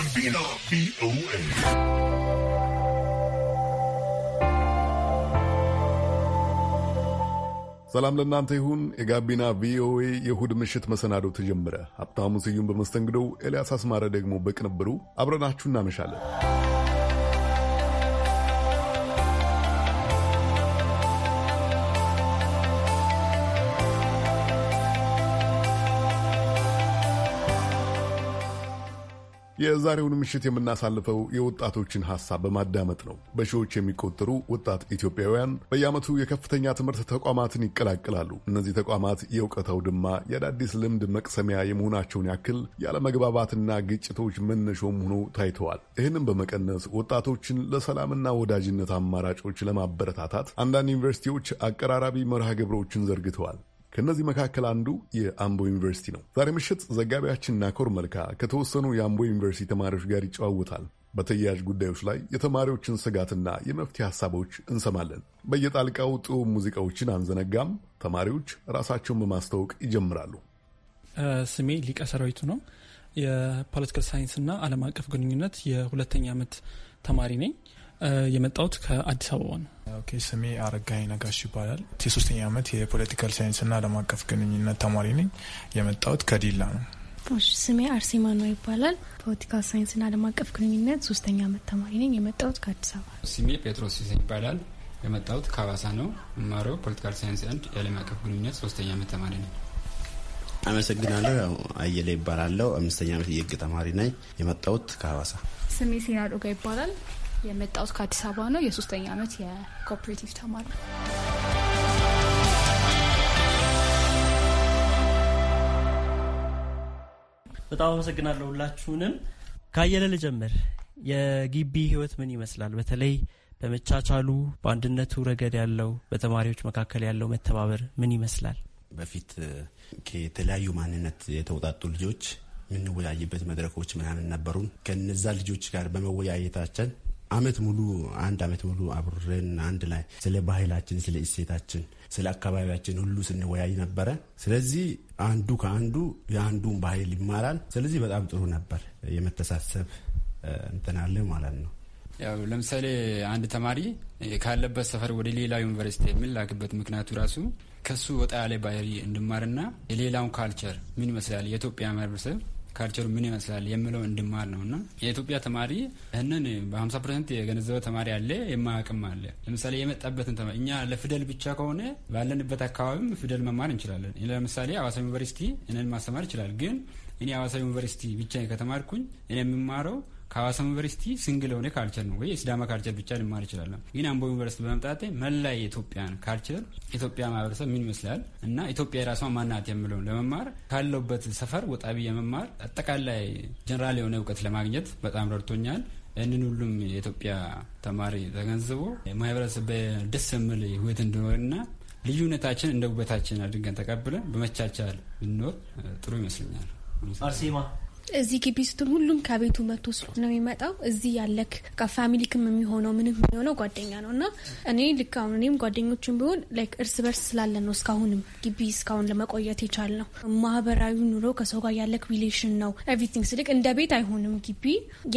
ሰላም ለእናንተ ይሁን። የጋቢና ቪኦኤ የእሁድ ምሽት መሰናዶ ተጀመረ። ሀብታሙ ስዩም በመስተንግዶው፣ ኤልያስ አስማረ ደግሞ በቅንብሩ አብረናችሁ እናመሻለን። የዛሬውን ምሽት የምናሳልፈው የወጣቶችን ሀሳብ በማዳመጥ ነው። በሺዎች የሚቆጠሩ ወጣት ኢትዮጵያውያን በየዓመቱ የከፍተኛ ትምህርት ተቋማትን ይቀላቅላሉ። እነዚህ ተቋማት የእውቀት አውድማ፣ የአዳዲስ ልምድ መቅሰሚያ የመሆናቸውን ያክል ያለመግባባትና ግጭቶች መነሾም ሆኖ ታይተዋል። ይህንም በመቀነስ ወጣቶችን ለሰላምና ወዳጅነት አማራጮች ለማበረታታት አንዳንድ ዩኒቨርሲቲዎች አቀራራቢ መርሃ ግብሮችን ዘርግተዋል። ከእነዚህ መካከል አንዱ የአምቦ ዩኒቨርሲቲ ነው። ዛሬ ምሽት ዘጋቢያችን ናኮር መልካ ከተወሰኑ የአምቦ ዩኒቨርሲቲ ተማሪዎች ጋር ይጨዋወታል። በተያያዥ ጉዳዮች ላይ የተማሪዎችን ስጋትና የመፍትሄ ሀሳቦች እንሰማለን። በየጣልቃው ጥሩ ሙዚቃዎችን አንዘነጋም። ተማሪዎች ራሳቸውን በማስተዋወቅ ይጀምራሉ። ስሜ ሊቀ ሰራዊቱ ነው። የፖለቲካል ሳይንስና ዓለም አቀፍ ግንኙነት የሁለተኛ ዓመት ተማሪ ነኝ። የመጣሁት ከአዲስ አበባ ነው። ስሜ አረጋኝ ነጋሽ ይባላል። የሶስተኛ ዓመት የፖለቲካል ሳይንስና ዓለም አቀፍ ግንኙነት ተማሪ ነኝ። የመጣሁት ከዲላ ነው። ስሜ አርሴማ ነው ይባላል። ፖለቲካል ሳይንስና ዓለም አቀፍ ግንኙነት ሶስተኛ ዓመት ተማሪ ነኝ። የመጣሁት ከአዲስ አበባ። ስሜ ጴጥሮስ ሲሰኝ ይባላል። የመጣሁት ከአዋሳ ነው። የምማረው ፖለቲካል ሳይንስ አንድ የዓለም አቀፍ ግንኙነት ሶስተኛ ዓመት ተማሪ ነኝ። አመሰግናለሁ። አየለ ይባላለው። አምስተኛ ዓመት የህግ ተማሪ ነኝ። የመጣሁት ከአዋሳ። ስሜ ሴና ዶጋ ይባላል። የመጣሁት ከአዲስ አበባ ነው። የሶስተኛ ዓመት የኮኦፕሬቲቭ ተማሪ በጣም አመሰግናለሁ ሁላችሁንም። ካየለ ልጀምር። የግቢ ህይወት ምን ይመስላል? በተለይ በመቻቻሉ በአንድነቱ ረገድ ያለው በተማሪዎች መካከል ያለው መተባበር ምን ይመስላል? በፊት ከተለያዩ ማንነት የተውጣጡ ልጆች የምንወያይበት መድረኮች ምናምን ነበሩን። ከነዛ ልጆች ጋር በመወያየታችን አመት ሙሉ አንድ አመት ሙሉ አብረን አንድ ላይ ስለ ባህላችን፣ ስለ እሴታችን፣ ስለ አካባቢያችን ሁሉ ስንወያይ ነበረ። ስለዚህ አንዱ ከአንዱ የአንዱን ባህል ይማራል። ስለዚህ በጣም ጥሩ ነበር። የመተሳሰብ እንትን አለ ማለት ነው። ያው ለምሳሌ አንድ ተማሪ ካለበት ሰፈር ወደ ሌላ ዩኒቨርሲቲ የሚላክበት ምክንያቱ ራሱ ከሱ ወጣ ያለ ባህሪ እንድማርና የሌላውን ካልቸር ምን ይመስላል የኢትዮጵያ ማህበረሰብ ካልቸሩ ምን ይመስላል የምለው እንድማል ነው እና የኢትዮጵያ ተማሪ ይህንን በ50 ፐርሰንት የገነዘበ ተማሪ አለ፣ የማያውቅም አለ። ለምሳሌ የመጣበትን ተማሪ እኛ ለፊደል ብቻ ከሆነ ባለንበት አካባቢም ፊደል መማር እንችላለን። ለምሳሌ አዋሳ ዩኒቨርሲቲ እኔን ማስተማር ይችላል። ግን እኔ አዋሳ ዩኒቨርሲቲ ብቻ ከተማርኩኝ እኔ የምማረው ከሀዋሳ ዩኒቨርሲቲ ስንግል የሆነ ካልቸር ነው ወይ የሲዳማ ካልቸር ብቻ ልማር ይችላለ። ግን አምቦ ዩኒቨርሲቲ በመምጣቴ መላ የኢትዮጵያን ካልቸር ኢትዮጵያ ማህበረሰብ ምን ይመስላል እና ኢትዮጵያ የራሷ ማናት የምለውን ለመማር ካለውበት ሰፈር ወጣቢ የመማር አጠቃላይ ጀነራል የሆነ እውቀት ለማግኘት በጣም ረድቶኛል። ይህንን ሁሉም የኢትዮጵያ ተማሪ ተገንዝቦ ማህበረሰብ በደስ የምል ህይወት እንዲኖርና ልዩነታችን እንደ ውበታችን አድርገን ተቀብለን በመቻቻል ብንኖር ጥሩ ይመስለኛል። አርሴማ እዚህ ግቢ ስትሆን ሁሉም ከቤቱ መቶ ስለሆነ የሚመጣው እዚህ ያለክ ፋሚሊክም የሚሆነው ምንም የሚሆነው ጓደኛ ነው እና እኔ ልክ አሁን እኔም ጓደኞችን ቢሆን ላይክ እርስ በርስ ስላለን ነው እስካሁንም ግቢ እስካሁን ለመቆየት የቻል ነው። ማህበራዊ ኑሮ ከሰው ጋር ያለክ ሪሌሽን ነው ኤቭሪቲንግ ስልክ እንደ ቤት አይሆንም። ግቢ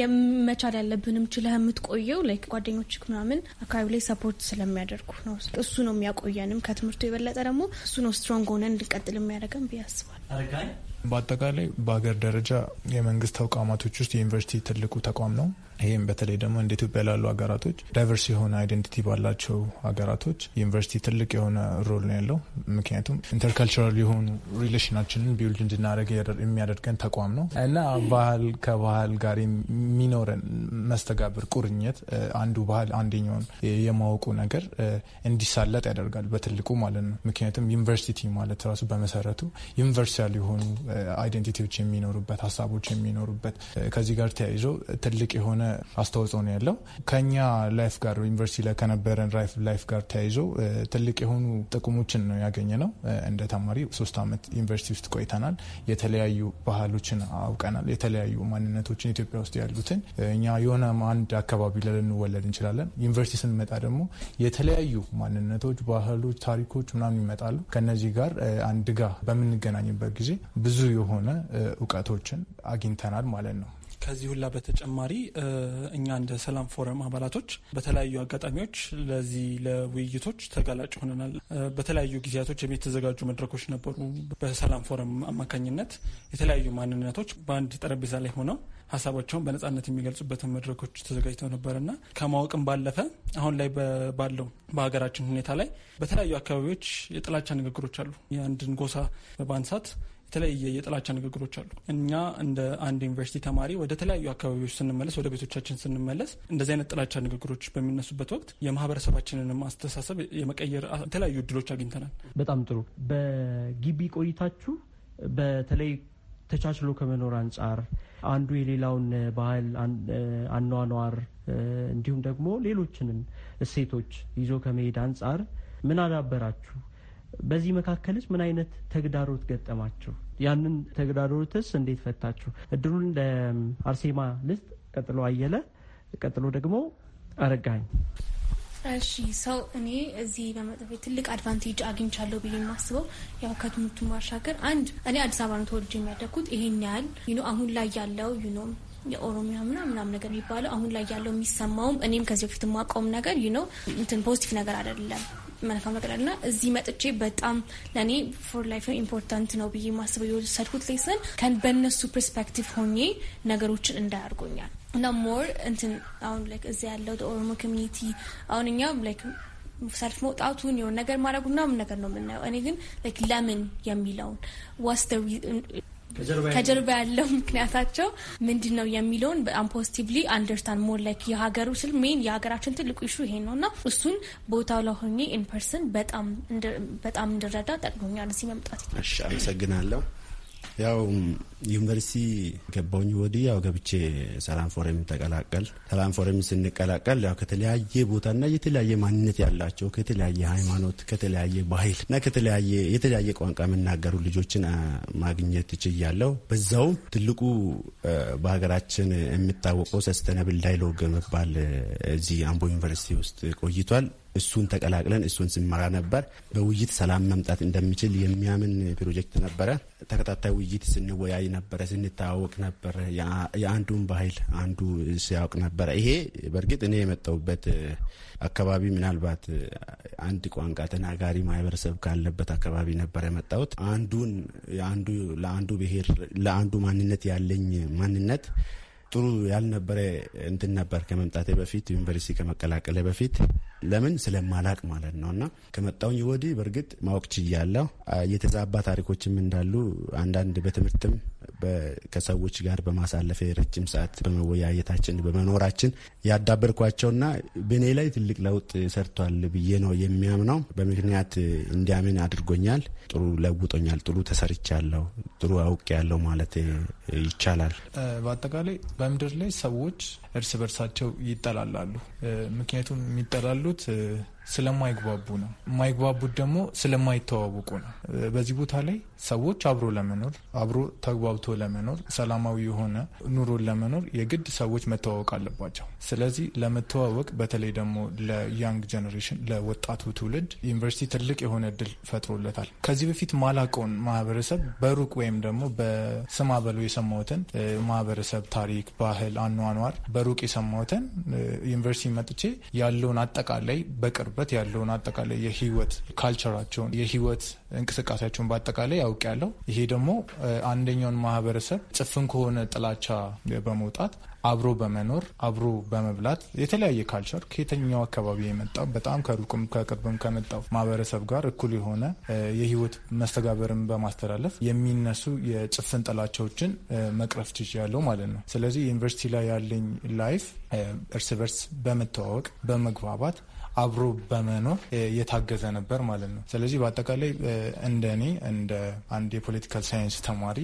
የመቻል ያለብንም ችለህ የምትቆየው ላይክ ጓደኞች ምናምን አካባቢ ላይ ሰፖርት ስለሚያደርጉ ነው። እሱ ነው የሚያቆየንም ከትምህርቱ የበለጠ ደግሞ እሱ ነው ስትሮንግ ሆነ እንድንቀጥል የሚያደርገን ብዬ አስባለሁ። በአጠቃላይ በሀገር ደረጃ የመንግስት ተቋማቶች ውስጥ የዩኒቨርሲቲ ትልቁ ተቋም ነው። ይህም በተለይ ደግሞ እንደ ኢትዮጵያ ላሉ ሀገራቶች ዳይቨርስ የሆነ አይደንቲቲ ባላቸው ሀገራቶች ዩኒቨርሲቲ ትልቅ የሆነ ሮል ነው ያለው። ምክንያቱም ኢንተርካልቸራል የሆኑ ሪሌሽናችንን ቢውልድ እንድናደረግ የሚያደርገን ተቋም ነው እና ባህል ከባህል ጋር የሚኖረን መስተጋብር፣ ቁርኝት አንዱ ባህል አንደኛውን የማወቁ ነገር እንዲሳለጥ ያደርጋል በትልቁ ማለት ነው። ምክንያቱም ዩኒቨርሲቲ ማለት ራሱ በመሰረቱ ዩኒቨርሳል የሆኑ አይደንቲቲዎች የሚኖሩበት ሀሳቦች የሚኖሩበት ከዚህ ጋር ተያይዞ ትልቅ የሆነ አስተዋጽኦ ነው ያለው። ከኛ ላይፍ ጋር ዩኒቨርሲቲ ላይ ከነበረን ላይፍ ጋር ተያይዞ ትልቅ የሆኑ ጥቅሞችን ነው ያገኘ ነው። እንደ ተማሪ ሶስት ዓመት ዩኒቨርሲቲ ውስጥ ቆይተናል። የተለያዩ ባህሎችን አውቀናል። የተለያዩ ማንነቶችን ኢትዮጵያ ውስጥ ያሉትን እኛ የሆነ አንድ አካባቢ ልንወለድ እንችላለን። ዩኒቨርሲቲ ስንመጣ ደግሞ የተለያዩ ማንነቶች፣ ባህሎች፣ ታሪኮች ምናምን ይመጣሉ። ከነዚህ ጋር አንድ ጋር በምንገናኝበት ጊዜ ብዙ የሆነ እውቀቶችን አግኝተናል ማለት ነው። ከዚህ ሁላ በተጨማሪ እኛ እንደ ሰላም ፎረም አባላቶች በተለያዩ አጋጣሚዎች ለዚህ ለውይይቶች ተጋላጭ ሆነናል። በተለያዩ ጊዜያቶች የተዘጋጁ መድረኮች ነበሩ። በሰላም ፎረም አማካኝነት የተለያዩ ማንነቶች በአንድ ጠረጴዛ ላይ ሆነው ሀሳባቸውን በነጻነት የሚገልጹበትን መድረኮች ተዘጋጅተው ነበርና ከማወቅም ባለፈ አሁን ላይ ባለው በሀገራችን ሁኔታ ላይ በተለያዩ አካባቢዎች የጥላቻ ንግግሮች አሉ። የአንድን ጎሳ በማንሳት የተለያየ የጥላቻ ንግግሮች አሉ። እኛ እንደ አንድ ዩኒቨርሲቲ ተማሪ ወደ ተለያዩ አካባቢዎች ስንመለስ፣ ወደ ቤቶቻችን ስንመለስ እንደዚህ አይነት ጥላቻ ንግግሮች በሚነሱበት ወቅት የማህበረሰባችንን አስተሳሰብ የመቀየር የተለያዩ እድሎች አግኝተናል። በጣም ጥሩ። በግቢ ቆይታችሁ በተለይ ተቻችሎ ከመኖር አንጻር አንዱ የሌላውን ባህል አኗኗር፣ እንዲሁም ደግሞ ሌሎችንም እሴቶች ይዞ ከመሄድ አንጻር ምን አዳበራችሁ? በዚህ መካከልስ ምን አይነት ተግዳሮት ገጠማችሁ? ያንን ተግዳሮትስ እንዴት ፈታችሁ? እድሉን ለአርሴማ ልስጥ፣ ቀጥሎ አየለ፣ ቀጥሎ ደግሞ አረጋኝ። እሺ ሰው እኔ እዚህ በመጠፌ ትልቅ አድቫንቴጅ አግኝቻለሁ ብዬ የማስበው ያው ከትምህርቱ ማሻገር አንድ እኔ አዲስ አበባ ነው ተወልጄ የሚያደግኩት። ይሄን ያህል ዩኖ አሁን ላይ ያለው ዩኖ የኦሮሚያ ምና ምናም ነገር የሚባለው አሁን ላይ ያለው የሚሰማውም እኔም ከዚህ በፊት የማውቀውም ነገር ዩኖ እንትን ፖዚቲቭ ነገር አይደለም። መልካም ነገር አለና እዚህ መጥቼ በጣም ለእኔ ፎር ላይፍ ኢምፖርታንት ነው ብዬ ማስበው የወሰድኩት ሌስን ከን በእነሱ ፐርስፔክቲቭ ሆኜ ነገሮችን እንዳያርጎኛል እና ሞር እንትን አሁን ላይክ እዚህ ያለው ኦሮሞ ኮሚኒቲ አሁን እኛ ላይክ ሰልፍ መውጣቱን የሆነ ነገር ማድረጉ ምናምን ነገር ነው የምናየው። እኔ ግን ለምን የሚለውን ዋስ ከጀርባ ያለው ምክንያታቸው ምንድን ነው የሚለውን በጣም ፖዚቲቭሊ አንደርስታንድ ሞር ላይክ የሀገሩ ስል ሜን የሀገራችን ትልቁ ኢሹ ይሄ ነው እና እሱን ቦታው ላይ ሆኜ ኢን በጣም እንድረዳ ጠቅሞኛል ሲመምጣት መምጣት። አመሰግናለሁ። ያው ዩኒቨርሲቲ ገባሁኝ ወዲህ ያው ገብቼ ሰላም ፎረም ተቀላቀል። ሰላም ፎረም ስንቀላቀል ያው ከተለያየ ቦታና የተለያየ ማንነት ያላቸው ከተለያየ ሃይማኖት፣ ከተለያየ ባህል እና ከተለያየ የተለያየ ቋንቋ የሚናገሩ ልጆችን ማግኘት ችያለው። በዛውም ትልቁ በሀገራችን የሚታወቀው ሰስተነብል ዳይሎግ የሚባል እዚህ አምቦ ዩኒቨርሲቲ ውስጥ ቆይቷል። እሱን ተቀላቅለን እሱን ስንመራ ነበር። በውይይት ሰላም መምጣት እንደሚችል የሚያምን ፕሮጀክት ነበረ። ተከታታይ ውይይት ስንወያይ ነበረ፣ ስንተዋወቅ ነበረ። የአንዱን ባህል አንዱ ሲያውቅ ነበረ። ይሄ በእርግጥ እኔ የመጣሁበት አካባቢ ምናልባት አንድ ቋንቋ ተናጋሪ ማህበረሰብ ካለበት አካባቢ ነበረ የመጣሁት። አንዱን የአንዱ ለአንዱ ብሄር ለአንዱ ማንነት ያለኝ ማንነት ጥሩ ያልነበረ እንትን ነበር። ከመምጣቴ በፊት ዩኒቨርሲቲ ከመቀላቀለ በፊት ለምን ስለማላቅ ማለት ነው። እና ከመጣውኝ ወዲህ በእርግጥ ማወቅ ችያለሁ። የተዛባ ታሪኮችም እንዳሉ አንዳንድ በትምህርትም ከሰዎች ጋር በማሳለፍ ረጅም ሰዓት በመወያየታችን በመኖራችን ያዳበርኳቸውና በእኔ ላይ ትልቅ ለውጥ ሰርቷል ብዬ ነው የሚያምነው። በምክንያት እንዲያምን አድርጎኛል። ጥሩ ለውጦኛል። ጥሩ ተሰርቻለሁ። ጥሩ ያለው ማለት ይቻላል። በአጠቃላይ በምድር ላይ ሰዎች እርስ በርሳቸው ይጠላላሉ። ምክንያቱም የሚጠላሉ To. ስለማይግባቡ ነው። የማይግባቡት ደግሞ ስለማይተዋወቁ ነው። በዚህ ቦታ ላይ ሰዎች አብሮ ለመኖር አብሮ ተግባብቶ ለመኖር ሰላማዊ የሆነ ኑሮን ለመኖር የግድ ሰዎች መተዋወቅ አለባቸው። ስለዚህ ለመተዋወቅ በተለይ ደግሞ ለያንግ ጀኔሬሽን ለወጣቱ ትውልድ ዩኒቨርሲቲ ትልቅ የሆነ እድል ፈጥሮለታል። ከዚህ በፊት ማላቀውን ማህበረሰብ በሩቅ ወይም ደግሞ በስማ በሎ የሰማሁትን ማህበረሰብ ታሪክ፣ ባህል፣ አኗኗር በሩቅ የሰማሁትን ዩኒቨርሲቲ መጥቼ ያለውን አጠቃላይ በቅርብ የሚኖሩበት ያለውን አጠቃላይ የህይወት ካልቸራቸውን የህይወት እንቅስቃሴያቸውን በአጠቃላይ ያውቅ ያለው ይሄ ደግሞ አንደኛውን ማህበረሰብ ጭፍን ከሆነ ጥላቻ በመውጣት አብሮ በመኖር አብሮ በመብላት የተለያየ ካልቸር ከየትኛው አካባቢ የመጣው በጣም ከሩቅም ከቅርብም ከመጣው ማህበረሰብ ጋር እኩል የሆነ የህይወት መስተጋበርን በማስተላለፍ የሚነሱ የጭፍን ጥላቻዎችን መቅረፍ ችያለው ማለት ነው። ስለዚህ ዩኒቨርሲቲ ላይ ያለኝ ላይፍ እርስ በርስ በመተዋወቅ በመግባባት አብሮ በመኖር የታገዘ ነበር ማለት ነው። ስለዚህ በአጠቃላይ እንደ እኔ እንደ አንድ የፖለቲካል ሳይንስ ተማሪ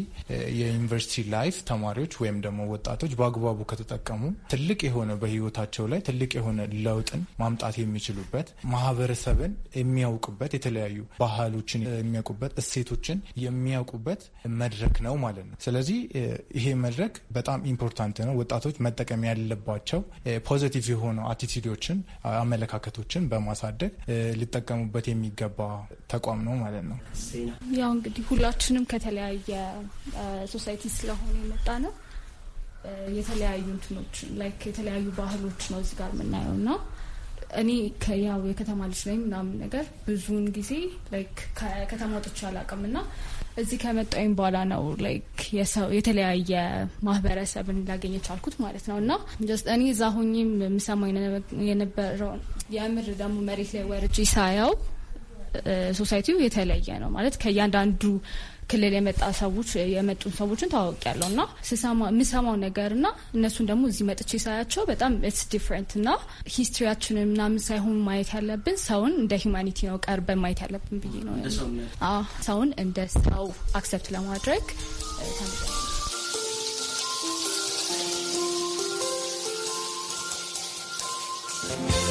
የዩኒቨርሲቲ ላይፍ ተማሪዎች ወይም ደግሞ ወጣቶች በአግባቡ ከተጠቀሙ ትልቅ የሆነ በህይወታቸው ላይ ትልቅ የሆነ ለውጥን ማምጣት የሚችሉበት ማህበረሰብን የሚያውቁበት የተለያዩ ባህሎችን የሚያውቁበት እሴቶችን የሚያውቁበት መድረክ ነው ማለት ነው። ስለዚህ ይሄ መድረክ በጣም ኢምፖርታንት ነው። ወጣቶች መጠቀም ያለባቸው ያላቸው ፖዘቲቭ የሆኑ አቲቲዩዶችን አመለካከቶችን በማሳደግ ሊጠቀሙበት የሚገባ ተቋም ነው ማለት ነው። ያው እንግዲህ ሁላችንም ከተለያየ ሶሳይቲ ስለሆነ የመጣ ነው የተለያዩ እንትኖች ላይክ የተለያዩ ባህሎች ነው እዚህ ጋር የምናየው ነው። እኔ ከያው የከተማ ልጅ ነኝ ምናምን ነገር ብዙውን ጊዜ ላይክ ከከተማ ወጥቼ አላውቅም እና እዚህ ከመጣሁኝ በኋላ ነው ላይክ የሰው የተለያየ ማህበረሰብን ላገኘ ቻልኩት ማለት ነው እና እኔ እዛ ሆኜም የምሰማኝ የነበረው የምር ደግሞ መሬት ላይ ወርጄ ሳየው ሶሳይቲው የተለየ ነው ማለት ከእያንዳንዱ ክልል የመጣ ሰዎች የመጡን ሰዎችን ታዋወቅ ያለው እና የምሰማው ነገር እና እነሱን ደግሞ እዚህ መጥቼ ሳያቸው በጣም ኢትስ ዲፍረንት እና ሂስትሪያችንን ምናምን ሳይሆን ማየት ያለብን ሰውን እንደ ሂውማኒቲ ነው ቀርበን ማየት ያለብን ብዬ ነው ሰውን እንደ ሰው አክሰፕት ለማድረግ Thank you.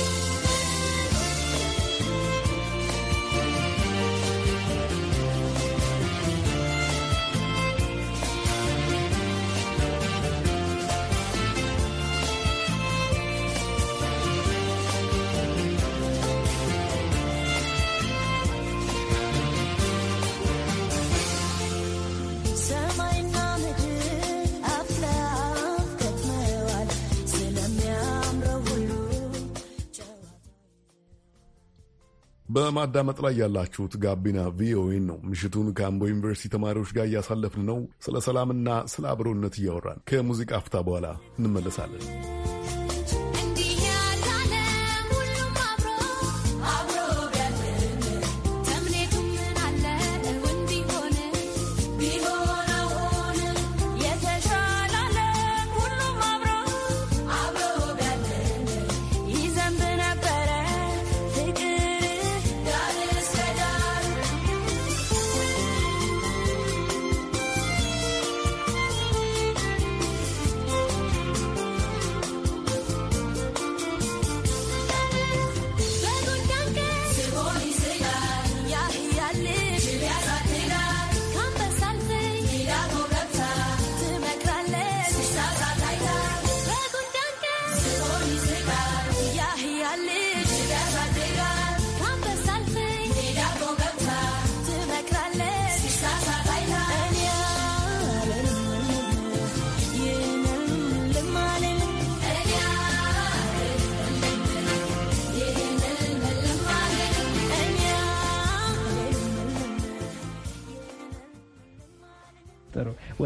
በማዳመጥ ላይ ያላችሁት ጋቢና ቪኦኤን ነው። ምሽቱን ከአምቦ ዩኒቨርሲቲ ተማሪዎች ጋር እያሳለፍን ነው። ስለ ሰላምና ስለ አብሮነት እያወራን ከሙዚቃ አፍታ በኋላ እንመለሳለን።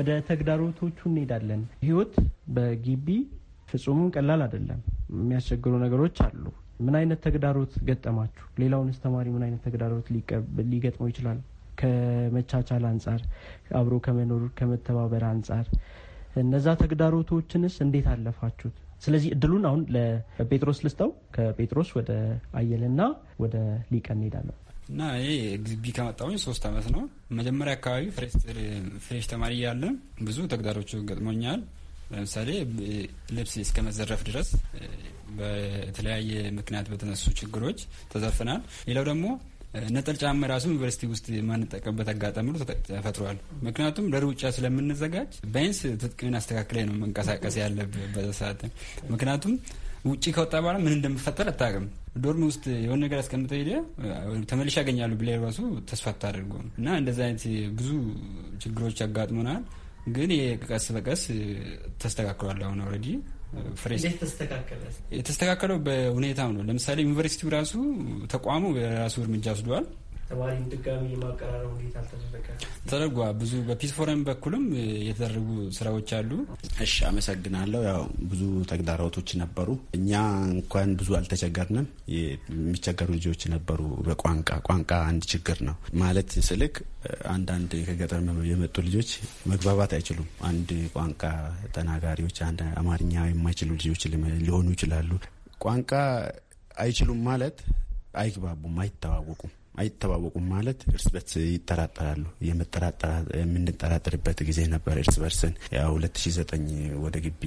ወደ ተግዳሮቶቹ እንሄዳለን። ህይወት በግቢ ፍጹም ቀላል አይደለም። የሚያስቸግሩ ነገሮች አሉ። ምን አይነት ተግዳሮት ገጠማችሁ? ሌላውንስ ተማሪ ምን አይነት ተግዳሮት ሊገጥመው ይችላል? ከመቻቻል አንጻር፣ አብሮ ከመኖር ከመተባበር አንጻር እነዛ ተግዳሮቶችንስ እንዴት አለፋችሁት? ስለዚህ እድሉን አሁን ለጴጥሮስ ልስጠው። ከጴጥሮስ ወደ አየልና ወደ ሊቀ እንሄዳለን። እና እኔ ግቢ ከመጣሁኝ ሶስት አመት ነው። መጀመሪያ አካባቢ ፍሬሽ ተማሪ እያለ ብዙ ተግዳሮቹ ገጥሞኛል። ለምሳሌ ልብስ እስከ መዘረፍ ድረስ በተለያየ ምክንያት በተነሱ ችግሮች ተዘርፈናል። ሌላው ደግሞ ነጠል ጫማ ራሱ ዩኒቨርሲቲ ውስጥ የማንጠቀምበት አጋጣሚ ተፈጥሯል። ምክንያቱም ለሩጫ ስለምንዘጋጅ ቢያንስ ትጥቅን አስተካክላይ ነው መንቀሳቀስ ያለበት ሰዓት ምክንያቱም ውጭ ከወጣ በኋላ ምን እንደምፈጠር አታውቅም። ዶርም ውስጥ የሆነ ነገር አስቀምጠ ሄደ ተመልሽ ያገኛሉ ብላ ራሱ ተስፋ አታደርገው እና እንደዚ አይነት ብዙ ችግሮች ያጋጥሙናል። ግን ቀስ በቀስ ተስተካክሏል። አሁን ኦልሬዲ የተስተካከለው በሁኔታው ነው። ለምሳሌ ዩኒቨርሲቲው ራሱ ተቋሙ የራሱ እርምጃ ወስደዋል። ተማሪም ድጋሚ የማቀራረቡ እንዴት አልተደረገ ተደርጓ? ብዙ በፒስ ፎረም በኩልም የተደረጉ ስራዎች አሉ። እሺ፣ አመሰግናለሁ። ያው ብዙ ተግዳሮቶች ነበሩ። እኛ እንኳን ብዙ አልተቸገርንም። የሚቸገሩ ልጆች ነበሩ። በቋንቋ ቋንቋ አንድ ችግር ነው ማለት ስልክ አንዳንድ ከገጠር የመጡ ልጆች መግባባት አይችሉም። አንድ ቋንቋ ተናጋሪዎች አንድ አማርኛ የማይችሉ ልጆች ሊሆኑ ይችላሉ። ቋንቋ አይችሉም ማለት አይግባቡም፣ አይተዋወቁም አይተዋወቁም ማለት እርስ በርስ ይጠራጠራሉ። የምንጠራጠርበት ጊዜ ነበር እርስ በርስን። ሁለት ሺ ዘጠኝ ወደ ግቢ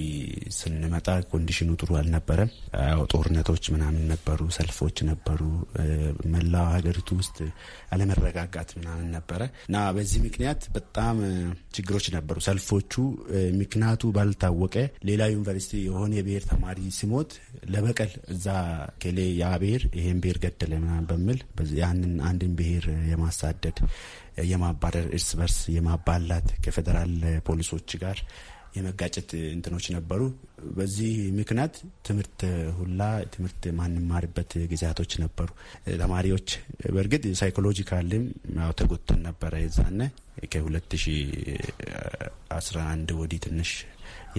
ስንመጣ ኮንዲሽኑ ጥሩ አልነበረም። ጦርነቶች ምናምን ነበሩ፣ ሰልፎች ነበሩ፣ መላው ሀገሪቱ ውስጥ አለመረጋጋት ምናምን ነበረ እና በዚህ ምክንያት በጣም ችግሮች ነበሩ። ሰልፎቹ ምክንያቱ ባልታወቀ ሌላ ዩኒቨርሲቲ የሆነ የብሔር ተማሪ ሲሞት ለበቀል እዛ ኬሌ ያ ብሔር ይሄን ብሔር ገደለ ምናምን በሚል ያንን አንድን ብሄር የማሳደድ የማባረር፣ እርስ በርስ የማባላት ከፌዴራል ፖሊሶች ጋር የመጋጨት እንትኖች ነበሩ። በዚህ ምክንያት ትምህርት ሁላ ትምህርት ማንማርበት ጊዜያቶች ነበሩ። ተማሪዎች በእርግጥ ሳይኮሎጂካልም ተጎተን ነበረ። የዛነ ከ2011 ወዲህ ትንሽ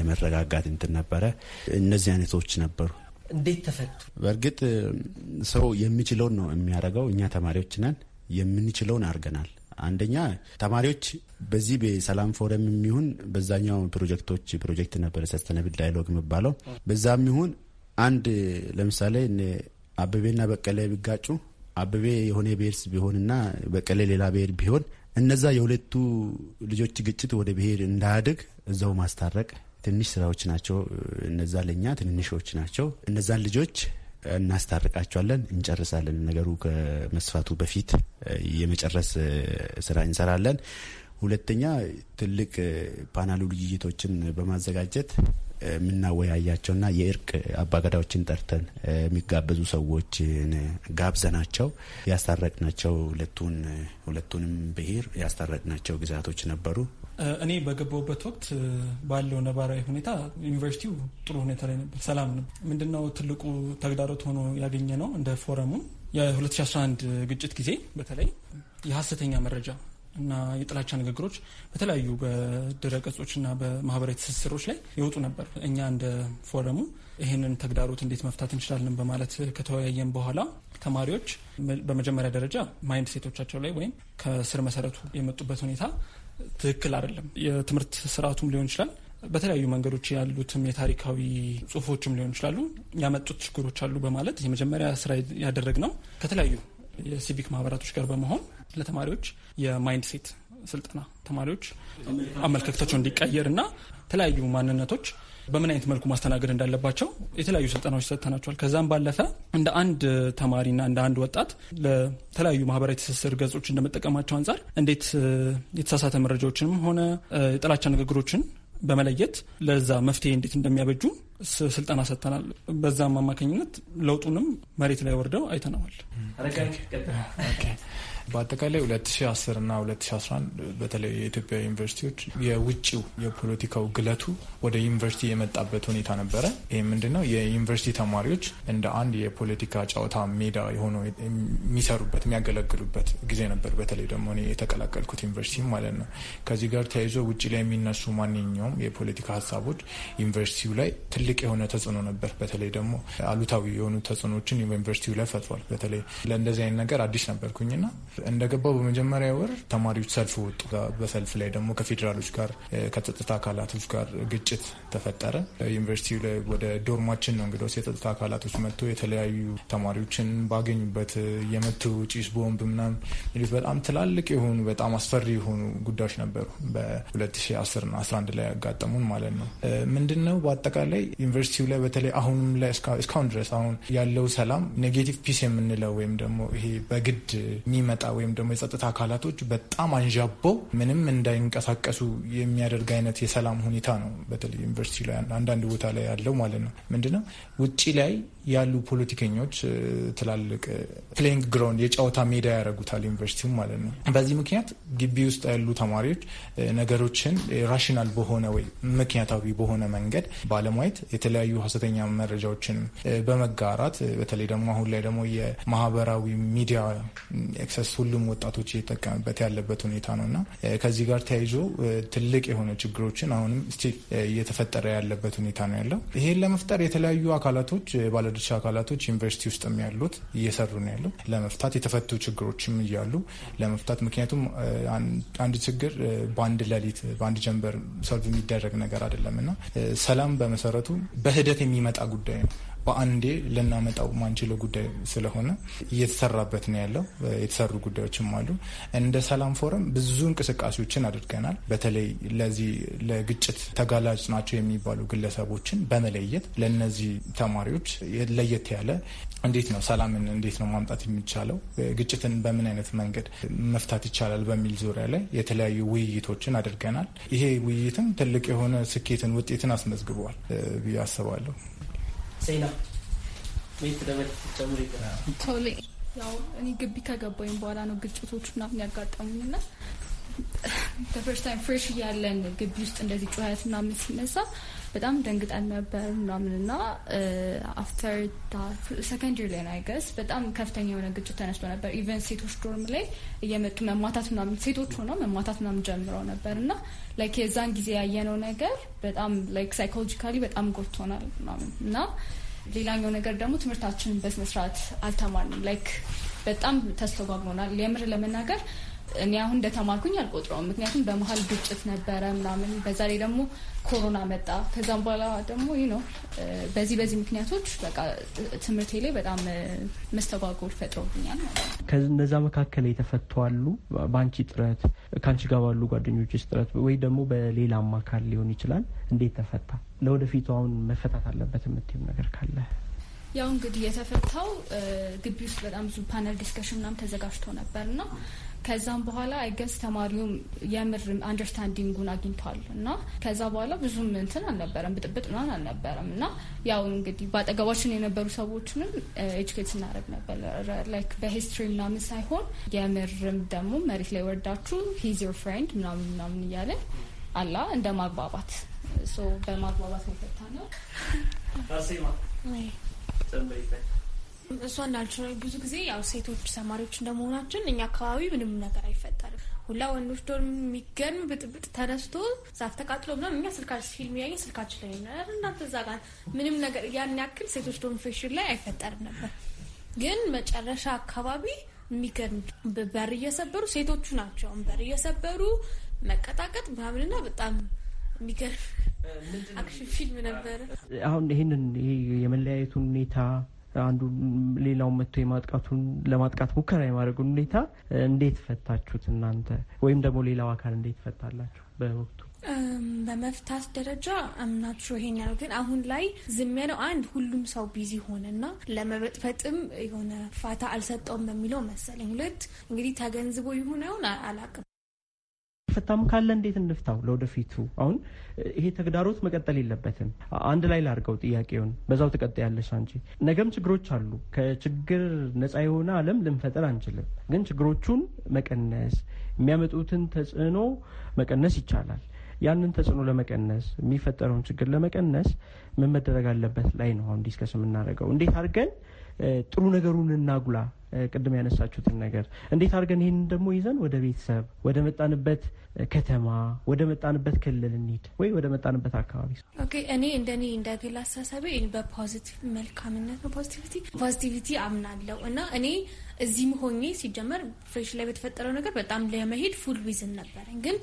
የመረጋጋት እንትን ነበረ። እነዚህ አይነቶች ነበሩ። እንዴት ተፈቱ? በእርግጥ ሰው የሚችለውን ነው የሚያደርገው። እኛ ተማሪዎች ነን፣ የምንችለውን አድርገናል። አንደኛ ተማሪዎች በዚህ በሰላም ፎረም የሚሆን በዛኛው ፕሮጀክቶች ፕሮጀክት ነበረ ሰስተነብል ዳይሎግ የሚባለው በዛ የሚሆን አንድ ለምሳሌ አበቤና በቀለ ቢጋጩ አበቤ የሆነ ብሄር ቢሆንና በቀለ ሌላ ብሄር ቢሆን እነዛ የሁለቱ ልጆች ግጭት ወደ ብሄር እንዳያድግ እዛው ማስታረቅ ትንሽ ስራዎች ናቸው። እነዛ ለእኛ ትንንሾች ናቸው። እነዛን ልጆች እናስታርቃቸዋለን፣ እንጨርሳለን። ነገሩ ከመስፋቱ በፊት የመጨረስ ስራ እንሰራለን። ሁለተኛ ትልቅ ፓናሉ ውይይቶችን በማዘጋጀት የምናወያያቸውና የእርቅ አባገዳዎችን ጠርተን የሚጋበዙ ሰዎችን ጋብዘናቸው ያስታረቅናቸው ሁለቱን ሁለቱንም ብሄር ያስታረቅናቸው ግዛቶች ነበሩ። እኔ በገባውበት ወቅት ባለው ነባራዊ ሁኔታ ዩኒቨርሲቲው ጥሩ ሁኔታ ላይ ነበር፣ ሰላም ነበር። ምንድነው ትልቁ ተግዳሮት ሆኖ ያገኘ ነው እንደ ፎረሙ የ2011 ግጭት ጊዜ በተለይ የሀሰተኛ መረጃ እና የጥላቻ ንግግሮች በተለያዩ በድረ ገጾችና በማህበራዊ ትስስሮች ላይ ይወጡ ነበር። እኛ እንደ ፎረሙ ይህንን ተግዳሮት እንዴት መፍታት እንችላለን በማለት ከተወያየን በኋላ ተማሪዎች በመጀመሪያ ደረጃ ማይንድ ሴቶቻቸው ላይ ወይም ከስር መሰረቱ የመጡበት ሁኔታ ትክክል አይደለም። የትምህርት ስርዓቱም ሊሆን ይችላል በተለያዩ መንገዶች ያሉትም የታሪካዊ ጽሁፎችም ሊሆን ይችላሉ ያመጡት ችግሮች አሉ በማለት የመጀመሪያ ስራ ያደረግ ነው ከተለያዩ የሲቪክ ማህበራቶች ጋር በመሆን ለተማሪዎች የማይንድ ሴት ስልጠና ተማሪዎች አመለካከታቸው እንዲቀየር እና የተለያዩ ማንነቶች በምን አይነት መልኩ ማስተናገድ እንዳለባቸው የተለያዩ ስልጠናዎች ሰጥተናቸዋል። ከዛም ባለፈ እንደ አንድ ተማሪና እንደ አንድ ወጣት ለተለያዩ ማህበራዊ ትስስር ገጾች እንደመጠቀማቸው አንጻር እንዴት የተሳሳተ መረጃዎችንም ሆነ የጥላቻ ንግግሮችን በመለየት ለዛ መፍትሄ እንዴት እንደሚያበጁ ስልጠና ሰጥተናል። በዛም አማካኝነት ለውጡንም መሬት ላይ ወርደው አይተነዋል። በአጠቃላይ 2010 እና 2011 በተለይ የኢትዮጵያ ዩኒቨርሲቲዎች የውጭው የፖለቲካው ግለቱ ወደ ዩኒቨርሲቲ የመጣበት ሁኔታ ነበረ። ይህ ምንድነው የዩኒቨርሲቲ ተማሪዎች እንደ አንድ የፖለቲካ ጨዋታ ሜዳ የሆነ የሚሰሩበት የሚያገለግሉበት ጊዜ ነበር። በተለይ ደግሞ እኔ የተቀላቀልኩት ዩኒቨርሲቲ ማለት ነው። ከዚህ ጋር ተያይዞ ውጭ ላይ የሚነሱ ማንኛውም የፖለቲካ ሀሳቦች ዩኒቨርሲቲው ላይ ትልቅ የሆነ ተጽዕኖ ነበር። በተለይ ደግሞ አሉታዊ የሆኑ ተጽዕኖዎችን ዩኒቨርሲቲው ላይ ፈጥሯል። በተለይ ለእንደዚህ አይነት ነገር አዲስ ነበርኩኝና እንደገባው በመጀመሪያ ወር ተማሪዎች ሰልፍ ወጡ። በሰልፍ ላይ ደግሞ ከፌዴራሎች ጋር ከጸጥታ አካላቶች ጋር ግጭት ተፈጠረ። ዩኒቨርሲቲ ላይ ወደ ዶርማችን ነው እንግዲህ የጸጥታ አካላቶች መጥቶ የተለያዩ ተማሪዎችን ባገኙበት የመቱ ጭስ ቦምብ ምናምን ሚሉት በጣም ትላልቅ የሆኑ በጣም አስፈሪ የሆኑ ጉዳዮች ነበሩ በ 2010 እና 11 ላይ ያጋጠሙን ማለት ነው። ምንድን ነው በአጠቃላይ ዩኒቨርሲቲው ላይ በተለይ አሁንም ላይ እስካሁን ድረስ አሁን ያለው ሰላም ኔጌቲቭ ፒስ የምንለው ወይም ደግሞ ይሄ በግድ የሚመጣ ወይም ደግሞ የጸጥታ አካላቶች በጣም አንዣበው ምንም እንዳይንቀሳቀሱ የሚያደርግ አይነት የሰላም ሁኔታ ነው። በተለይ ዩኒቨርሲቲ ላይ አንዳንድ ቦታ ላይ ያለው ማለት ነው። ምንድነው ውጭ ላይ ያሉ ፖለቲከኞች ትላልቅ ፕሌይንግ ግራውንድ የጨዋታ ሜዳ ያደርጉታል ዩኒቨርሲቲው ማለት ነው። በዚህ ምክንያት ግቢ ውስጥ ያሉ ተማሪዎች ነገሮችን ራሽናል በሆነ ወይ ምክንያታዊ በሆነ መንገድ ባለማየት የተለያዩ ሀሰተኛ መረጃዎችን በመጋራት በተለይ ደግሞ አሁን ላይ ደግሞ የማህበራዊ ሚዲያ ኤክሰስ ሁሉም ወጣቶች እየጠቀምበት ያለበት ሁኔታ ነው እና ከዚህ ጋር ተያይዞ ትልቅ የሆነ ችግሮችን አሁንም ስቲል እየተፈጠረ ያለበት ሁኔታ ነው ያለው። ይሄን ለመፍጠር የተለያዩ አካላቶች ባለ ባለድርሻ አካላቶች ዩኒቨርሲቲ ውስጥም ያሉት እየሰሩ ነው ያሉ ለመፍታት የተፈቱ ችግሮችም እያሉ ለመፍታት ምክንያቱም አንድ ችግር በአንድ ሌሊት በአንድ ጀንበር ሰርቭ የሚደረግ ነገር አይደለም እና ሰላም በመሰረቱ በሂደት የሚመጣ ጉዳይ ነው። በአንዴ ልናመጣው ማንችለው ጉዳይ ስለሆነ እየተሰራበት ነው ያለው። የተሰሩ ጉዳዮችም አሉ። እንደ ሰላም ፎረም ብዙ እንቅስቃሴዎችን አድርገናል። በተለይ ለዚህ ለግጭት ተጋላጭ ናቸው የሚባሉ ግለሰቦችን በመለየት ለነዚህ ተማሪዎች ለየት ያለ እንዴት ነው ሰላምን እንዴት ነው ማምጣት የሚቻለው፣ ግጭትን በምን አይነት መንገድ መፍታት ይቻላል በሚል ዙሪያ ላይ የተለያዩ ውይይቶችን አድርገናል። ይሄ ውይይትም ትልቅ የሆነ ስኬትን ውጤትን አስመዝግበዋል ብዬ አስባለሁ። ዜና ቤት ለቤት ይገራል ያው እኔ ግቢ ከገባኝ በኋላ ነው ግጭቶች ምናምን ያጋጠሙኝ እና በፈርስት ታይም ፍሬሽ እያለን ግቢ ውስጥ እንደዚህ ጩኸት ምናምን ሲነሳ በጣም ደንግጠን ነበር ምናምን እና አፍተር ሰከንድ ላይ አይገስ በጣም ከፍተኛ የሆነ ግጭት ተነስቶ ነበር። ኢቨን ሴቶች ዶርም ላይ እየመጡ መማታት ምናምን ሴቶች ሆነው መማታት ምናምን ጀምረው ነበር እና ላይክ የዛን ጊዜ ያየነው ነገር በጣም ላይክ ሳይኮሎጂካሊ በጣም ጎድቶናል ምናምን እና ሌላኛው ነገር ደግሞ ትምህርታችንን በስነስርዓት አልተማርንም። ላይክ በጣም ተስተጓግሎናል የምር ለመናገር እኔ አሁን እንደተማርኩኝ አልቆጥረውም። ምክንያቱም በመሀል ግጭት ነበረ ምናምን፣ በዛ ላይ ደግሞ ኮሮና መጣ። ከዛም በኋላ ደግሞ ይህ ነው። በዚህ በዚህ ምክንያቶች በቃ ትምህርቴ ላይ በጣም መስተጓጎል ፈጥሮብኛል። ከነዛ መካከል የተፈቱ አሉ። በአንቺ ጥረት፣ ከአንቺ ጋር ባሉ ጓደኞች ጥረት ወይ ደግሞ በሌላ አካል ሊሆን ይችላል። እንዴት ተፈታ? ለወደፊቱ አሁን መፈታት አለበት የምትይው ነገር ካለ ያው እንግዲህ የተፈታው ግቢ ውስጥ በጣም ብዙ ፓነል ዲስከሽን ምናምን ተዘጋጅቶ ነበር እና ከዛም በኋላ አይገስ ተማሪውም የምር አንደርስታንዲንጉን አግኝቷል እና ከዛ በኋላ ብዙም እንትን አልነበረም፣ ብጥብጥ ምናምን አልነበረም። እና ያው እንግዲህ በአጠገባችን የነበሩ ሰዎችንም ኤጁኬት uh, ስናደርግ ነበር ላይክ በሂስትሪ ምናምን ሳይሆን የምርም ደግሞ መሬት ላይ ወርዳችሁ ሂዝ ዮር ፍሬንድ ምናምን ምናምን እያለ አላ እንደ ማግባባት በማግባባት ነው የፈታ ነው። እሷ እንዳልችለ ብዙ ጊዜ ያው ሴቶች ተማሪዎች እንደመሆናችን እኛ አካባቢ ምንም ነገር አይፈጠርም። ሁላ ወንዶች ዶር የሚገርም ብጥብጥ ተነስቶ ዛፍ ተቃጥሎ ምናምን እኛ ስልካችን ፊልም ያየን ስልካችን ላይ ነበር። እናንተ እዛ ጋር ምንም ነገር ያን ያክል ሴቶች ዶር ፌሽን ላይ አይፈጠርም ነበር። ግን መጨረሻ አካባቢ የሚገርም በር እየሰበሩ ሴቶቹ ናቸው በር እየሰበሩ መቀጣቀጥ ምናምንና በጣም የሚገርም አክሽን ፊልም ነበረ። አሁን ይህንን ይሄ የመለያየቱን ሁኔታ አንዱ ሌላውን መጥቶ የማጥቃቱን ለማጥቃት ሙከራ የማድረጉን ሁኔታ እንዴት ፈታችሁት እናንተ? ወይም ደግሞ ሌላው አካል እንዴት ፈታላችሁ በወቅቱ? በመፍታት ደረጃ አምናችሁ ይሄን ያሉ ግን አሁን ላይ ዝም ያለው አንድ ሁሉም ሰው ቢዚ ሆነና ለመበጥፈጥም የሆነ ፋታ አልሰጠውም በሚለው መሰለኝ። ሁለት እንግዲህ ተገንዝቦ ይሁን አሁን አላቅም ያልተፈታም ካለ እንዴት እንፍታው? ለወደፊቱ አሁን ይሄ ተግዳሮት መቀጠል የለበትም። አንድ ላይ ላርገው ጥያቄውን፣ በዛው ትቀጥያለሽ አንቺ። ነገም ችግሮች አሉ። ከችግር ነጻ የሆነ ዓለም ልንፈጥር አንችልም። ግን ችግሮቹን መቀነስ የሚያመጡትን ተጽዕኖ መቀነስ ይቻላል። ያንን ተጽዕኖ ለመቀነስ የሚፈጠረውን ችግር ለመቀነስ ምን መደረግ አለበት ላይ ነው አሁን ዲስከስ የምናደርገው። እንዴት አድርገን ጥሩ ነገሩን እናጉላ ቅድም ያነሳችሁትን ነገር እንዴት አድርገን ይህንን ደግሞ ይዘን ወደ ቤተሰብ ወደ መጣንበት ከተማ ወደ መጣንበት ክልል እንሂድ ወይ ወደ መጣንበት አካባቢ። እኔ እንደኔ እንደግል አሳሳቢ በፖዚቲቭ መልካምነት ነው ፖዚቲቪቲ ፖዚቲቪቲ አምናለው እና እኔ እዚህም ሆኜ ሲጀመር ፍሬሽ ላይ በተፈጠረው ነገር በጣም ለመሄድ ፉል ዊዝን ነበረኝ ግን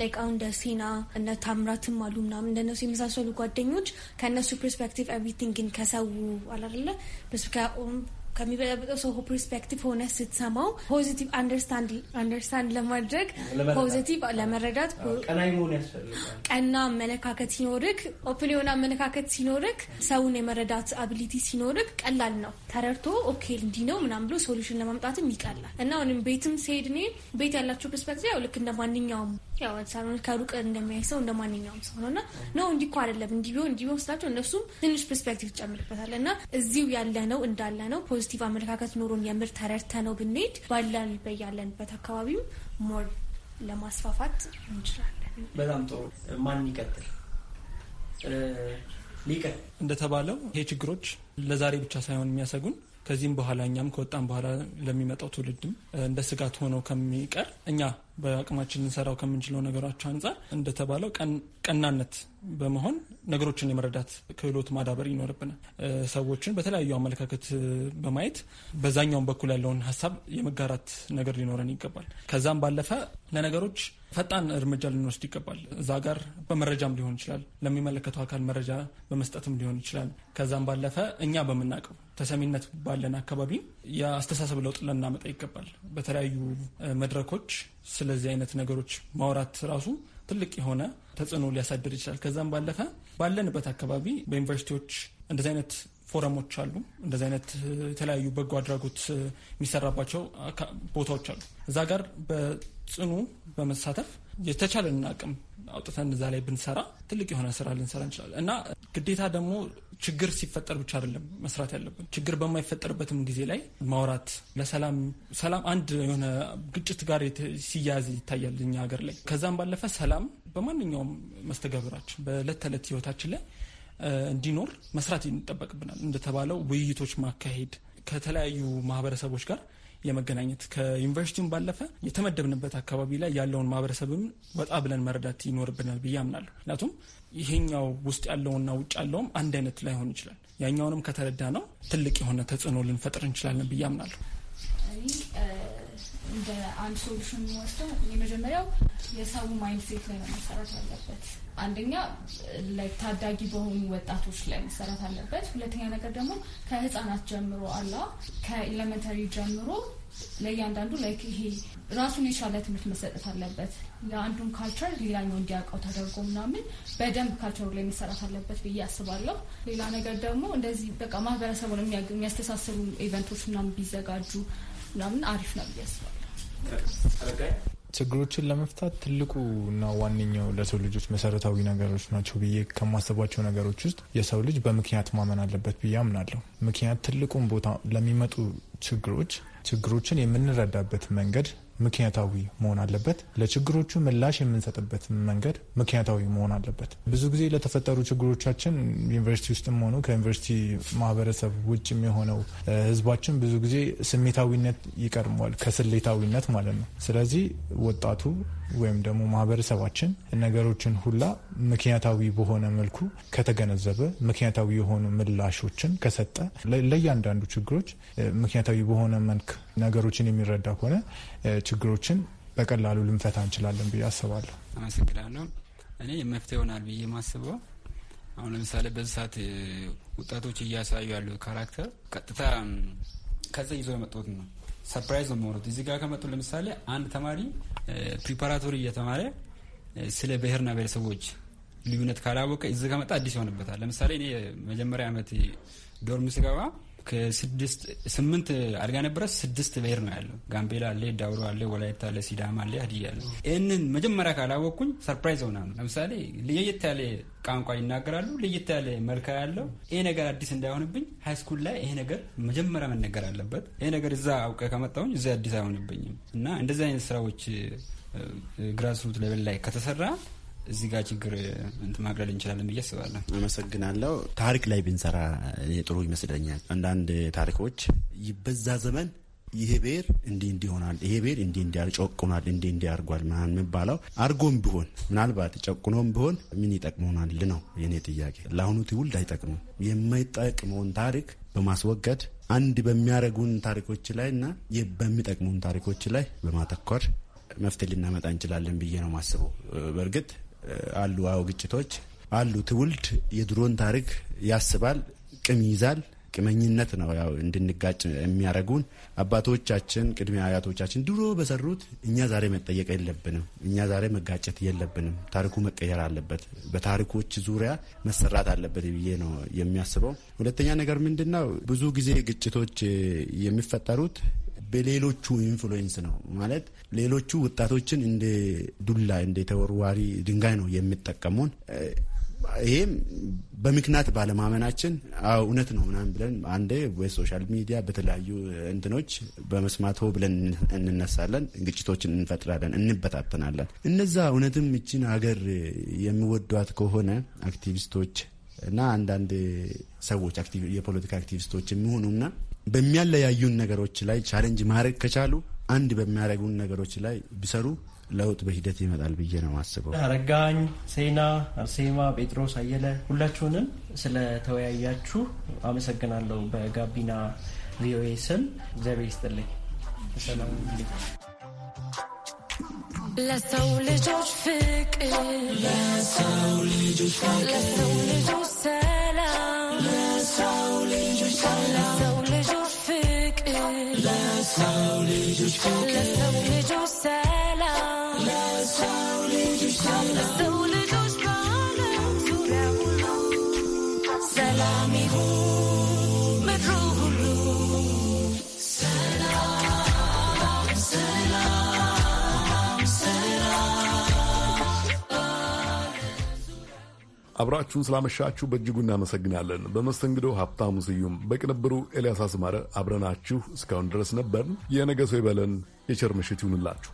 ላይክ አሁን እንደ ሴና እነ ታምራትም አሉ ምናምን እንደነሱ የመሳሰሉ ጓደኞች ከእነሱ ፐርስፔክቲቭ ኤቭሪቲንግን ከሰው አላለ ከሚበጠብጠው ሰው ፕሪስፔክቲቭ ሆነ ስትሰማው ፖዚቲቭ አንደርስታንድ ለማድረግ ፖዚቲቭ ለመረዳት ቀና አመለካከት ሲኖርክ፣ ኦፕን የሆነ አመለካከት ሲኖርክ፣ ሰውን የመረዳት አቢሊቲ ሲኖርክ ቀላል ነው ተረድቶ ኦኬ እንዲህ ነው ምናም ብሎ ሶሉሽን ለማምጣትም ይቀላል እና አሁንም ቤትም ስሄድ እኔ ቤት ያላቸው ፐርስፔክቲቭ ያው ልክ እንደ ማንኛውም ያው ከሩቅ እንደሚያይ ሰው እንደ ማንኛውም ሰው ነውና ነው እንዲህ እኮ አይደለም እንዲህ ቢሆን እንዲህ ቢሆን ስላቸው እነሱም ትንሽ ፕርስፔክቲቭ ይጨምርበታል እና እዚሁ ያለ ነው እንዳለ ነው ፖዚቲቭ ፖዚቲቭ አመለካከት ኖሮን የምር ተረድተ ነው ብንሄድ ባላል በያለንበት አካባቢም ሞር ለማስፋፋት እንችላለን። በጣም ጥሩ። ማን ይቀጥል? ሊቀ እንደተባለው ይሄ ችግሮች ለዛሬ ብቻ ሳይሆን የሚያሰጉን ከዚህም በኋላ እኛም ከወጣን በኋላ ለሚመጣው ትውልድም እንደ ስጋት ሆነው ከሚቀር እኛ በአቅማችን ልንሰራው ከምንችለው ነገሮች አንጻር እንደተባለው ቀናነት በመሆን ነገሮችን የመረዳት ክህሎት ማዳበር ይኖርብናል። ሰዎችን በተለያዩ አመለካከት በማየት በዛኛውን በኩል ያለውን ሀሳብ የመጋራት ነገር ሊኖረን ይገባል። ከዛም ባለፈ ለነገሮች ፈጣን እርምጃ ልንወስድ ይገባል። እዛ ጋር በመረጃም ሊሆን ይችላል፣ ለሚመለከተው አካል መረጃ በመስጠትም ሊሆን ይችላል። ከዛም ባለፈ እኛ በምናውቀው ተሰሚነት ባለን አካባቢ የአስተሳሰብ ለውጥ ልናመጣ ይገባል። በተለያዩ መድረኮች ስለዚህ አይነት ነገሮች ማውራት ራሱ ትልቅ የሆነ ተጽዕኖ ሊያሳድር ይችላል። ከዛም ባለፈ ባለንበት አካባቢ በዩኒቨርሲቲዎች እንደዚህ አይነት ፎረሞች አሉ። እንደዚህ አይነት የተለያዩ በጎ አድራጎት የሚሰራባቸው ቦታዎች አሉ። እዛ ጋር በጽኑ በመሳተፍ የተቻለንን አቅም አውጥተን እዛ ላይ ብንሰራ ትልቅ የሆነ ስራ ልንሰራ እንችላለን እና ግዴታ ደግሞ ችግር ሲፈጠር ብቻ አይደለም መስራት ያለብን። ችግር በማይፈጠርበትም ጊዜ ላይ ማውራት ለሰላም ሰላም አንድ የሆነ ግጭት ጋር ሲያያዝ ይታያል እኛ ሀገር ላይ። ከዛም ባለፈ ሰላም በማንኛውም መስተጋብራችን በእለት ተዕለት ህይወታችን ላይ እንዲኖር መስራት ይጠበቅብናል። እንደተባለው ውይይቶች ማካሄድ ከተለያዩ ማህበረሰቦች ጋር የመገናኘት ከዩኒቨርሲቲውን ባለፈ የተመደብንበት አካባቢ ላይ ያለውን ማህበረሰብም ወጣ ብለን መረዳት ይኖርብናል ብዬ አምናለሁ። ምክንያቱም ይሄኛው ውስጥ ያለውና ውጭ ያለውም አንድ አይነት ላይሆን ይችላል። ያኛውንም ከተረዳ ነው ትልቅ የሆነ ተጽዕኖ ልንፈጥር እንችላለን ብዬ አምናለሁ። እንደ አንድ ሶሉሽን ወስደው የመጀመሪያው የሰው ማይንድሴት ላይ ነው መሰራት ያለበት። አንደኛ ላይ ታዳጊ በሆኑ ወጣቶች ላይ መሰራት አለበት። ሁለተኛ ነገር ደግሞ ከህፃናት ጀምሮ አላ ከኤሌመንተሪ ጀምሮ ለእያንዳንዱ ላይክ ይሄ ራሱን የቻለ ትምህርት መሰጠት አለበት። የአንዱን ካልቸር ሌላኛው እንዲያውቀው ተደርጎ ምናምን በደንብ ካልቸሩ ላይ መሰራት አለበት ብዬ አስባለሁ። ሌላ ነገር ደግሞ እንደዚህ በቃ ማህበረሰቡን የሚያስተሳስሩ ኢቨንቶች ምናምን ቢዘጋጁ ምናምን አሪፍ ነው ብዬ አስባለሁ። ችግሮችን ለመፍታት ትልቁ እና ዋነኛው ለሰው ልጆች መሰረታዊ ነገሮች ናቸው ብዬ ከማሰባቸው ነገሮች ውስጥ የሰው ልጅ በምክንያት ማመን አለበት ብዬ አምናለሁ። ምክንያት ትልቁን ቦታ ለሚመጡ ችግሮች ችግሮችን የምንረዳበት መንገድ ምክንያታዊ መሆን አለበት። ለችግሮቹ ምላሽ የምንሰጥበት መንገድ ምክንያታዊ መሆን አለበት። ብዙ ጊዜ ለተፈጠሩ ችግሮቻችን ዩኒቨርሲቲ ውስጥም ሆኑ ከዩኒቨርሲቲ ማህበረሰብ ውጭ የሆነው ህዝባችን ብዙ ጊዜ ስሜታዊነት ይቀድመዋል ከስሌታዊነት ማለት ነው። ስለዚህ ወጣቱ ወይም ደግሞ ማህበረሰባችን ነገሮችን ሁላ ምክንያታዊ በሆነ መልኩ ከተገነዘበ ምክንያታዊ የሆኑ ምላሾችን ከሰጠ ለእያንዳንዱ ችግሮች ምክንያታዊ በሆነ መልክ ነገሮችን የሚረዳ ከሆነ ችግሮችን በቀላሉ ልንፈታ እንችላለን ብዬ አስባለሁ። አመሰግናለሁ። እኔ መፍትሄ ይሆናል ብዬ ማስበው አሁን ለምሳሌ በዚህ ሰዓት ወጣቶች እያሳዩ ያሉ ካራክተር ቀጥታ ከዛ ይዞ የመጡት ነው። ሰርፕራይዝ ነው መሆኑት እዚህ ጋር ከመጡ ለምሳሌ አንድ ተማሪ ፕሪፓራቶሪ እየተማረ ስለ ብሔርና ብሔረሰቦች ልዩነት ካላወቀ እዚህ ከመጣ አዲስ ይሆንበታል። ለምሳሌ እኔ መጀመሪያ ዓመት ዶርም ስገባ ከስድስት ስምንት አድጋ ነበረ። ስድስት ብሔር ነው ያለው። ጋምቤላ አለ፣ ዳውሮ አለ፣ ወላይታ አለ፣ ሲዳማ አለ፣ ሀዲያ አለ። ይህንን መጀመሪያ ካላወቅኩኝ ሰርፕራይዝ ሆና ነው። ለምሳሌ ለየት ያለ ቋንቋ ይናገራሉ፣ ለየት ያለ መልካ ያለው ይሄ ነገር አዲስ እንዳይሆንብኝ ሃይስኩል ላይ ይሄ ነገር መጀመሪያ መነገር አለበት። ይሄ ነገር እዛ አውቀ ከመጣሁኝ እዚ አዲስ አይሆንብኝም እና እንደዚህ አይነት ስራዎች ግራስሩት ሌቨል ላይ ከተሰራ እዚህ ጋር ችግር እንትን ማቅለል እንችላለን ብዬ አስባለሁ። አመሰግናለሁ። ታሪክ ላይ ብንሰራ ጥሩ ይመስለኛል። አንዳንድ ታሪኮች በዛ ዘመን ይሄ ብሔር እንዲህ እንዲሆናል፣ ይሄ ብሔር እንዲህ እንዲያል ጨቁኗል፣ እንዲህ እንዲህ አድርጓል ምናምን የሚባለው አርጎም ቢሆን ምናልባት ጨቁኖም ቢሆን ምን ይጠቅመናል ነው የኔ ጥያቄ። ለአሁኑ ትውልድ አይጠቅምም። የማይጠቅመውን ታሪክ በማስወገድ አንድ በሚያደርጉን ታሪኮች ላይ እና በሚጠቅሙን ታሪኮች ላይ በማተኮር መፍትሄ ልናመጣ እንችላለን ብዬ ነው ማስበው። በእርግጥ አሉ። አዎ ግጭቶች አሉ። ትውልድ የድሮን ታሪክ ያስባል፣ ቅም ይዛል። ቅመኝነት ነው ያው እንድንጋጭ የሚያደርጉን። አባቶቻችን ቅድሚያ አያቶቻችን ድሮ በሰሩት እኛ ዛሬ መጠየቅ የለብንም። እኛ ዛሬ መጋጨት የለብንም። ታሪኩ መቀየር አለበት፣ በታሪኮች ዙሪያ መሰራት አለበት ብዬ ነው የሚያስበው። ሁለተኛ ነገር ምንድን ነው ብዙ ጊዜ ግጭቶች የሚፈጠሩት በሌሎቹ ኢንፍሉዌንስ ነው ማለት ሌሎቹ ወጣቶችን እንደ ዱላ እንደ ተወርዋሪ ድንጋይ ነው የሚጠቀሙን። ይሄም በምክንያት ባለማመናችን እውነት ነው ምናምን ብለን አንዴ በሶሻል ሚዲያ በተለያዩ እንትኖች በመስማት ሆ ብለን እንነሳለን፣ ግጭቶችን እንፈጥራለን፣ እንበታተናለን። እነዛ እውነትም እችን ሀገር የሚወዷት ከሆነ አክቲቪስቶች እና አንዳንድ ሰዎች የፖለቲካ አክቲቪስቶች የሚሆኑና በሚያለያዩን ነገሮች ላይ ቻለንጅ ማድረግ ከቻሉ አንድ በሚያደርጉን ነገሮች ላይ ቢሰሩ ለውጥ በሂደት ይመጣል ብዬ ነው የማስበው። አረጋኝ፣ ሴና፣ አርሴማ፣ ጴጥሮስ፣ አየለ ሁላችሁንም ስለተወያያችሁ አመሰግናለሁ። በጋቢና ቪኦኤ ስም እግዚአብሔር ይስጥልኝ። ሰላም ለሰው ልጆች ፍቅር ለሰው ልጆች Salam አብራችሁን ስላመሻችሁ በእጅጉ እናመሰግናለን። በመስተንግዶ ሀብታሙ ስዩም፣ በቅንብሩ ኤልያስ አስማረ አብረናችሁ እስካሁን ድረስ ነበርን። የነገ ሰው ይበለን። የቸር ምሽት ይሁንላችሁ።